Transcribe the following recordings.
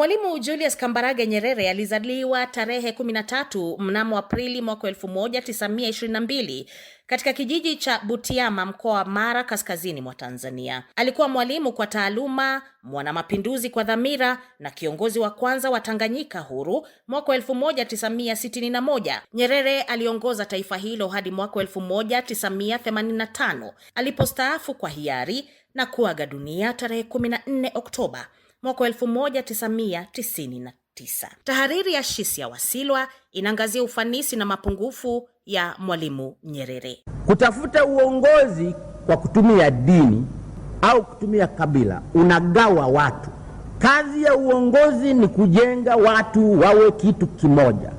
Mwalimu Julius Kambarage Nyerere alizaliwa tarehe 13 mnamo Aprili mwaka 1922 katika kijiji cha Butiama, mkoa wa Mara, kaskazini mwa Tanzania. Alikuwa mwalimu kwa taaluma, mwanamapinduzi kwa dhamira na kiongozi wa kwanza wa Tanganyika huru mwaka 1961. Nyerere aliongoza taifa hilo hadi mwaka 1985 alipostaafu kwa hiari na kuaga dunia tarehe 14 Oktoba 1999 tahariri ya shisi ya Wasilwa inaangazia ufanisi na mapungufu ya Mwalimu Nyerere. Kutafuta uongozi kwa kutumia dini au kutumia kabila unagawa watu. Kazi ya uongozi ni kujenga watu wawe kitu kimoja.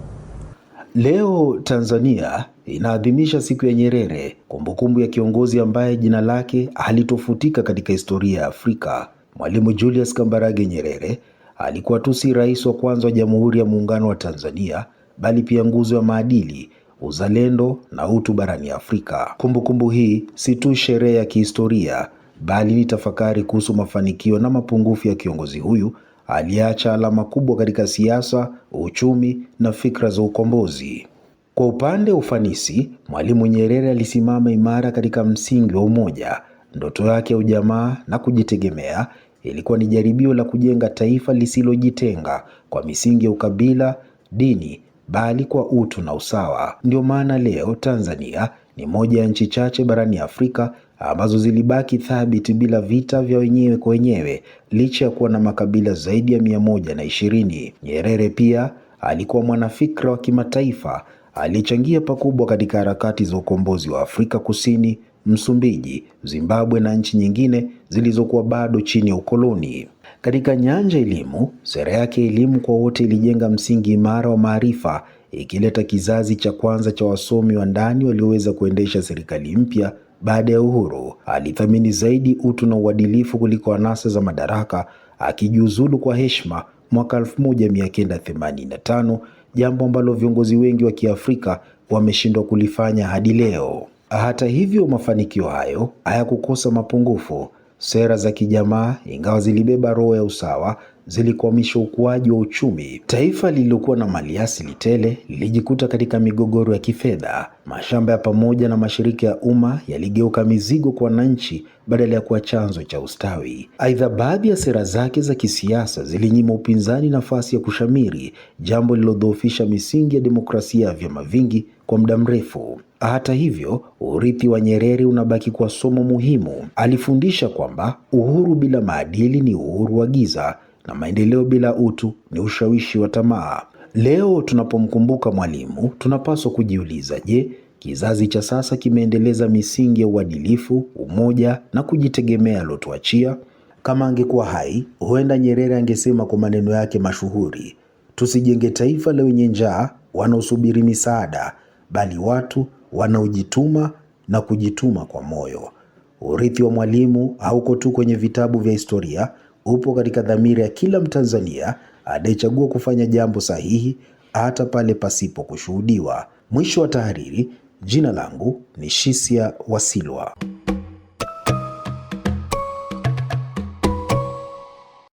Leo Tanzania inaadhimisha siku ya Nyerere, kumbukumbu ya kiongozi ambaye jina lake halitofutika katika historia ya Afrika. Mwalimu Julius Kambarage Nyerere alikuwa tu si rais wa kwanza wa Jamhuri ya Muungano wa Tanzania, bali pia nguzo ya maadili, uzalendo na utu barani Afrika. Kumbukumbu hii si tu sherehe ya kihistoria, bali ni tafakari kuhusu mafanikio na mapungufu ya kiongozi huyu aliacha alama kubwa katika siasa, uchumi na fikra za ukombozi. Kwa upande wa ufanisi, Mwalimu Nyerere alisimama imara katika msingi wa umoja, Ndoto yake ya ujamaa na kujitegemea ilikuwa ni jaribio la kujenga taifa lisilojitenga kwa misingi ya ukabila, dini, bali kwa utu na usawa. Ndio maana leo Tanzania ni moja ya nchi chache barani Afrika ambazo zilibaki thabiti bila vita vya wenyewe kwa wenyewe licha ya kuwa na makabila zaidi ya mia moja na ishirini. Nyerere pia alikuwa mwanafikra wa kimataifa aliyechangia pakubwa katika harakati za ukombozi wa Afrika Kusini Msumbiji, Zimbabwe na nchi nyingine zilizokuwa bado chini ya ukoloni. Katika nyanja elimu, sera yake elimu kwa wote ilijenga msingi imara wa maarifa, ikileta kizazi cha kwanza cha wasomi wa ndani walioweza kuendesha serikali mpya baada ya uhuru. Alithamini zaidi utu na uadilifu kuliko anasa za madaraka, akijiuzulu kwa heshima mwaka 1985, jambo ambalo viongozi wengi wa Kiafrika wameshindwa kulifanya hadi leo. Hata hivyo, mafanikio hayo hayakukosa mapungufu. Sera za kijamaa, ingawa zilibeba roho ya usawa, zilikwamisha ukuaji wa uchumi. Taifa lililokuwa na maliasili tele lilijikuta katika migogoro ya kifedha. Mashamba ya pamoja na mashirika ya umma yaligeuka mizigo kwa wananchi badala ya kuwa chanzo cha ustawi. Aidha, baadhi ya sera zake za kisiasa zilinyima upinzani nafasi ya kushamiri, jambo lililodhoofisha misingi ya demokrasia ya vyama vingi kwa muda mrefu. Hata hivyo, urithi wa Nyerere unabaki kwa somo muhimu. Alifundisha kwamba uhuru bila maadili ni uhuru wa giza na maendeleo bila utu ni ushawishi wa tamaa. Leo tunapomkumbuka Mwalimu tunapaswa kujiuliza, je, kizazi cha sasa kimeendeleza misingi ya uadilifu, umoja na kujitegemea aliotuachia? Kama angekuwa hai, huenda Nyerere angesema kwa maneno yake mashuhuri, tusijenge taifa la wenye njaa wanaosubiri misaada, bali watu wanaojituma na kujituma kwa moyo. Urithi wa Mwalimu hauko tu kwenye vitabu vya historia, upo katika dhamira ya kila Mtanzania anayechagua kufanya jambo sahihi hata pale pasipo kushuhudiwa. Mwisho wa tahariri. Jina langu ni Shisia Wasilwa.